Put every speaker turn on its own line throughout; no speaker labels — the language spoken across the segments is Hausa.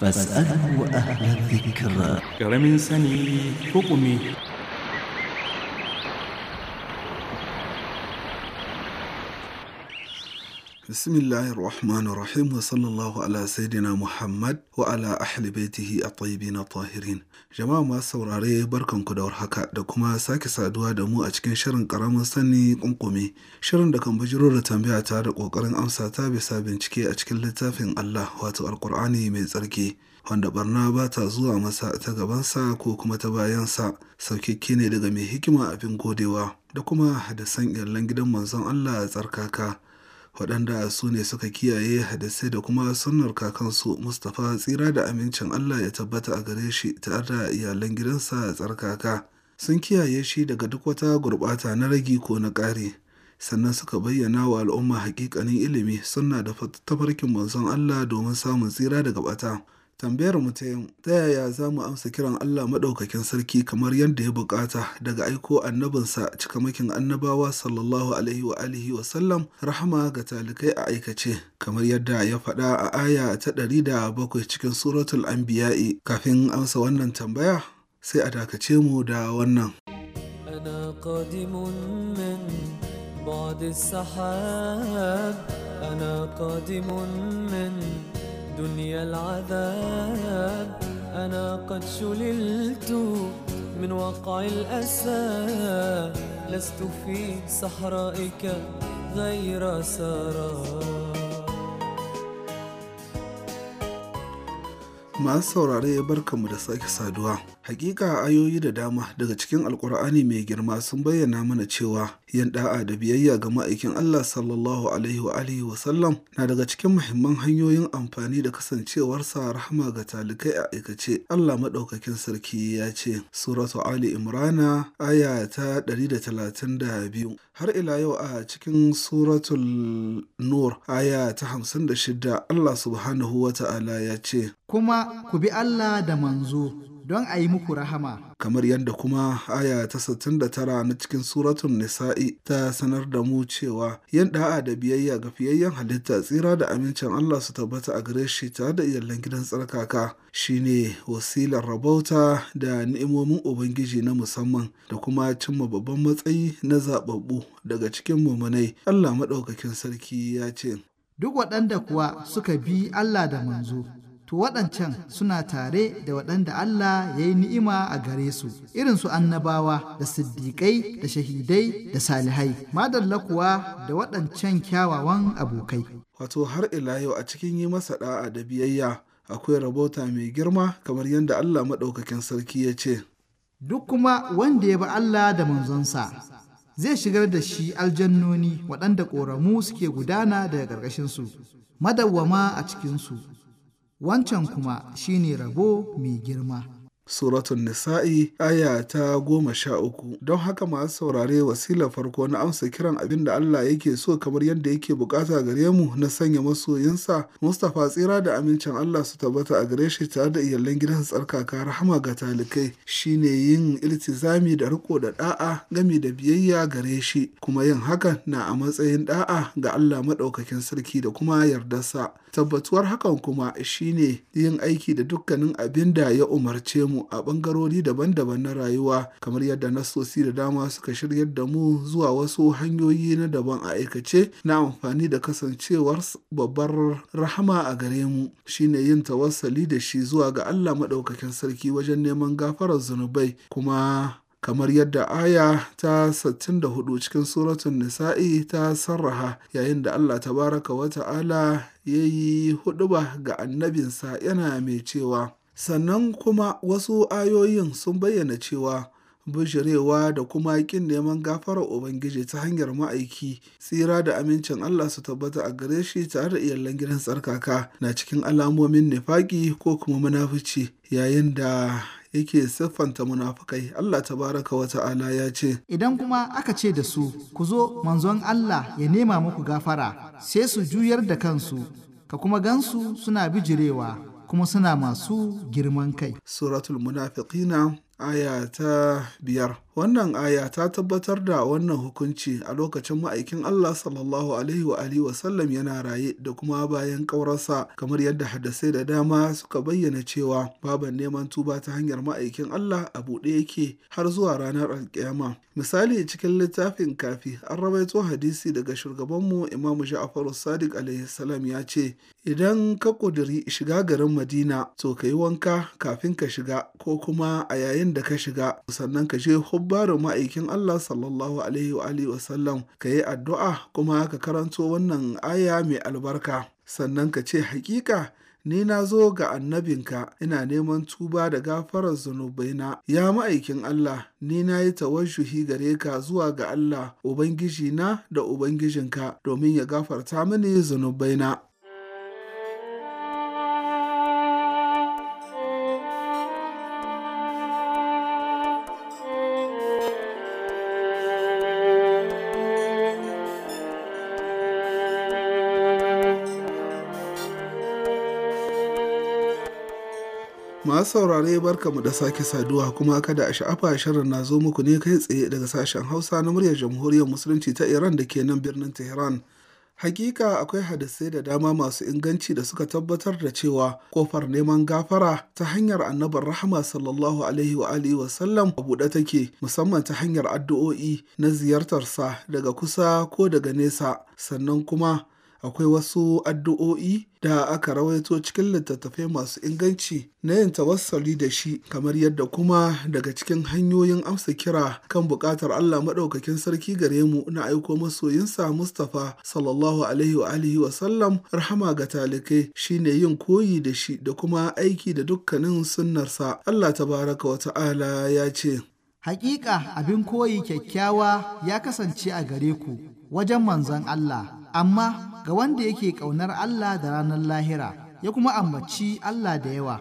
فاسأله أهل الذكر كرم سني حكمه bismillahi rahmanu Rahim wa sallallahu ala Sayyidina Muhammad wa ala ahli baitihi at-tayyibin tahirin. Jama'a masu saurare barkanku da warhaka da kuma sake saduwa da mu a cikin shirin karamin sani kunkume. Shirin da kan bujiro da tambaya ta da kokarin amsa ta bisa bincike a cikin littafin Allah wato Alkur'ani mai tsarki. wanda barna ba ta zuwa masa ta gabansa ko kuma ta bayansa saukakke ne daga mai hikima abin godewa da kuma hadasan iyalan gidan manzon Allah a tsarkaka waɗanda su ne suka kiyaye hadisai da kuma sunnar kakansu mustapha tsira da amincin allah ya tabbata a gare shi tare da iyalan gidansa tsarkaka sun kiyaye shi daga duk wata gurɓata na ragi ko na ƙari sannan suka bayyana wa al'umma hakikanin ilimi suna da tafarkin manzon allah domin samun tsira daga ɓata Tambayar mu ta yau, ta yaya za mu amsa kiran Allah Maɗaukakin Sarki kamar yadda ya buƙata daga aiko annabinsa cikamakin annabawa sallallahu alaihi wa alihi wa sallam rahama ga talikai a aikace, kamar yadda ya faɗa a aya ta ɗari da bakwai cikin suratul anbiya'i kafin amsa wannan tambaya sai a dakace mu da wannan. بعد السحاب أنا قادم من دنيا العذاب أنا قد شللت من وقع الأسى لست في صحرائك غير سراب masu saurare barkanmu da sake saduwa hakika ayoyi da dama daga cikin alkur'ani mai girma sun bayyana mana cewa yin da'a da biyayya ga ma'aikin Allah sallallahu alaihi wa alihi wa sallam na daga cikin muhimman hanyoyin amfani da kasancewarsa rahama ga talikai a aikace Allah maɗaukakin sarki ya ce suratu ali imrana aya ta 132 har ila yau a cikin suratul nur aya ta 56 Allah subhanahu wa ta'ala ya ce
kuma ku bi Allah da manzo don a yi muku rahama.
Kamar yadda kuma aya ta tara na cikin suratun Nisa'i ta sanar da mu cewa yan da'a da biyayya ga fiyayyen halitta tsira da amincin Allah su tabbata a gare shi tare da iyalan gidan tsarkaka shine wasilar rabauta da ni'imomin Ubangiji na musamman da kuma cimma babban matsayi na zaɓaɓɓu daga cikin mumunai. Allah
maɗaukakin sarki ya ce. Duk waɗanda kuwa suka bi Allah da manzo. to waɗancan suna tare da waɗanda Allah ya yi ni'ima a gare su irin su annabawa da siddiƙai da shahidai da salihai madalla kuwa da waɗancan kyawawan abokai
wato har ila yau a cikin yi masa da'a da biyayya akwai rabota mai girma kamar yadda Allah maɗaukakin sarki ya ce duk kuma
wanda ya bi Allah da manzonsa zai shigar da shi aljannoni waɗanda ƙoramu suke gudana daga ƙarƙashinsu madawwama a cikinsu wancan kuma shine rabo mai girma.
suratun nisa'i aya ta goma sha uku don haka masu saurare wasila farko na amsa kiran abin da Allah yake so kamar yadda yake bukata gare mu na sanya masoyinsa Mustapha tsira da amincin Allah su tabbata a gare shi tare da iyalan gidan tsarkaka rahama ga talikai shine yin iltizami da riko da da'a gami da biyayya gare shi kuma yin hakan na a matsayin da'a ga Allah maɗaukakin sarki da kuma yardarsa tabbatuwar hakan kuma shine yin aiki da dukkanin abin da ya umarce mu mu a ɓangarori daban-daban na rayuwa kamar yadda nasosi da dama suka shiryar da mu zuwa wasu hanyoyi na daban a aikace na amfani da kasancewar babbar rahama a gare mu shine yin tawassali da shi zuwa ga Allah maɗaukakin sarki wajen neman gafarar zunubai kuma kamar yadda aya ta 64 cikin suratun nisa'i ta sarraha yayin da Allah tabaraka wa ta'ala ya yi huduba ga annabinsa yana mai cewa Sannan kuma wasu ayoyin sun bayyana cewa bijirewa da kuma ƙin neman gafarar Ubangiji ta hanyar ma'aiki, tsira da amincin Allah su tabbata a gare shi tare da iyalan gidan tsarkaka na cikin alamomin nifaƙi ko kuma munafuci, yayin da yake siffanta munafukai Allah Ta wata Wata'ala ya ce
idan kuma aka ce da su ku zo manzon Allah ya nema muku gafara sai su juyar da kansu ka kuma gansu suna bijirewa kuma suna masu girman kai. Suratul munafiqina aya ta
biyar. Wannan aya ta tabbatar da wannan hukunci a lokacin ma'aikin Allah sallallahu alaihi wa alihi wa yana raye da kuma bayan ƙaurarsa kamar yadda hadasai da dama suka bayyana cewa baban neman tuba ta hanyar ma'aikin Allah a buɗe yake har zuwa ranar alƙiyama. Misali cikin littafin kafi an rawaito hadisi daga shugabanmu Imam Ja'faru Sadiq alaihi ya ce idan ka ƙudiri shiga garin madina to ka yi wanka kafin ka shiga ko kuma a yayin da ka shiga sannan ka je hubbarin ma'aikin Allah sallallahu alaihi wa alihi ka yi addu'a kuma ka karanto wannan aya mai albarka sannan ka ce hakika ni na zo ga annabinka ina neman tuba da gafarar zunubaina ya ma'aikin Allah ni na yi tawashuhi gare ka zuwa ga Allah ubangijina da ubangijinka domin ya gafarta mini zunubaina masu saurare barka mu da sake saduwa kuma kada a sha'afa shirin na zo muku ne kai tsaye daga sashen hausa na muryar jamhuriyar musulunci ta iran da ke nan birnin tehran Hakika akwai hadisai da dama masu inganci da suka tabbatar da cewa kofar neman gafara ta hanyar annabar rahama sallallahu alaihi wa alihi wa sallam a buɗe take musamman ta hanyar addu'o'i na ziyartarsa daga kusa ko daga nesa sannan kuma akwai wasu addu'o'i da aka rawaito cikin littattafai masu inganci na yin tawassali da shi kamar yadda kuma daga cikin hanyoyin amsa kira kan buƙatar Allah maɗaukakin sarki gare mu na aiko masoyinsa Mustapha sallallahu alaihi wa alihi wa sallam rahama ga talikai shine yin koyi da shi da kuma
aiki da dukkanin sunnarsa Allah tabaraka wa ta'ala ya ce Hakika abin koyi kyakkyawa ya kasance a gare ku wajen manzon Allah, amma ga wanda yake ƙaunar Allah da ranar lahira, ya kuma ambaci Allah da yawa.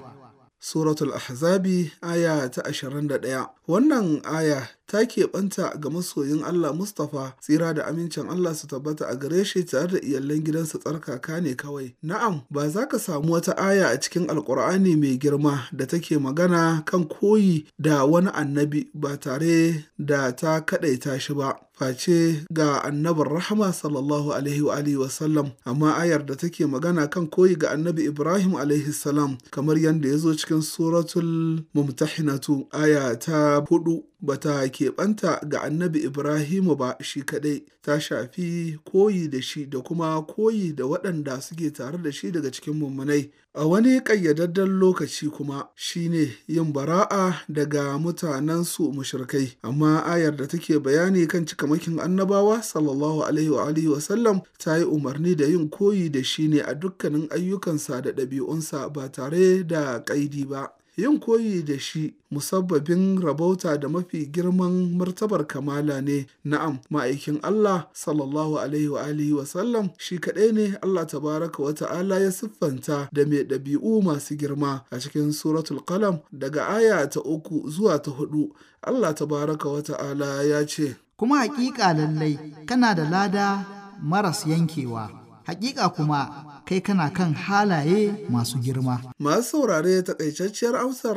Suratul Ahzabi aya ta ashirin da ɗaya, Wannan aya ta ke keɓanta ga masoyin Allah Mustapha tsira da amincin Allah su tabbata a gare shi tare da iyalan gidansa tsarkaka ne kawai. Na'am, ba za ka samu wata aya a cikin alkur'ani mai girma da take magana kan koyi da wani annabi ba tare da ta kaɗaita shi ba. face ga annabar rahama sallallahu alaihi wa alihi wa sallam amma ayar da take magana kan koyi ga annabi Ibrahim alaihi salam kamar yadda ya zo cikin suratul mumtahinatu aya ta hudu ba ta keɓanta ga annabi Ibrahimu ba shi kaɗai, ta shafi koyi da shi da kuma koyi da waɗanda suke tare da shi daga cikin mummunai. A wani ƙayyadadden lokaci kuma shi ne yin bara'a daga mutanensu mushirikai. amma ayar da take bayani kan cikamakin annabawa sallallahu alaihi wa ta yi umarni da yin koyi da shi ne a dukkanin ayyukansa da ɗabi'unsa ba tare da ƙaidi ba. yin koyi da shi musabbabin rabauta da mafi girman martabar kamala ne na'am ma'aikin Allah sallallahu alaihi wa alihi wa sallam shi kadai ne Allah tabaraka wa ta'ala ya siffanta da mai ɗabi'u masu girma a cikin suratul qalam daga aya ta uku zuwa ta hudu Allah tabaraka
wa ta'ala ya ce kuma hakika lallai kana da lada maras yankewa hakika kuma kai kana kan halaye masu girma.
Masu saurare takaitacciyar amsar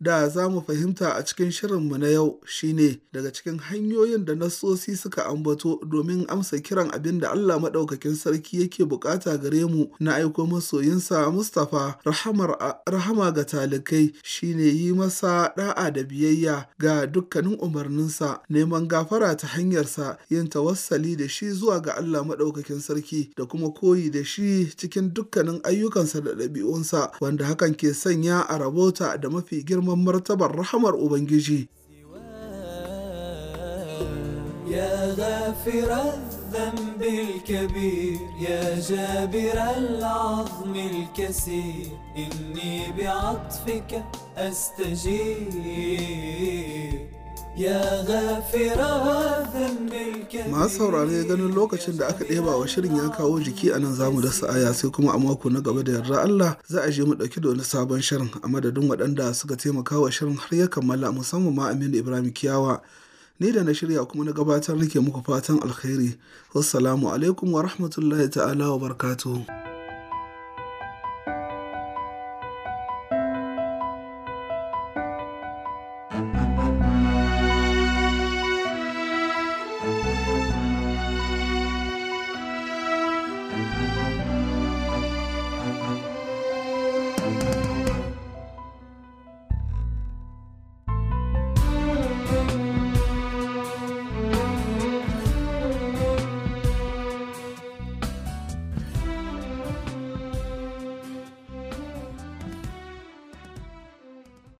da za mu fahimta a cikin shirinmu na yau shine daga cikin hanyoyin da nasosi suka ambato domin amsa kiran abin da Allah maɗaukakin sarki yake bukata gare mu na aiko masoyinsa Mustapha rahama ga talikai shine yi masa da'a da biyayya ga dukkanin umarninsa neman gafara ta hanyarsa yin tawassali da shi zuwa ga Allah maɗaukakin sarki da kuma koyi da shi cikin dukkanin ayyukansa da ɗabi'unsa wanda hakan ke sanya a rabota da mafi girman martabar rahamar ubangiji يا غافر الذنب الكبير يا جابر العظم الكسير إني بعطفك أستجيب يا غافر هذا masu saurare ganin lokacin da aka ɗeba wa shirin ya kawo jiki a nan zamu da sa'aya sai kuma a mako na gaba da yarda Allah za a je mu ɗauki da wani sabon shirin a madadin waɗanda suka taimaka wa shirin har ya kammala musamman ma Aminu Ibrahim Kiyawa ni da na shirya kuma na gabatar nake muku fatan alkhairi wassalamu alaikum wa rahmatullahi ta'ala wa barkatu.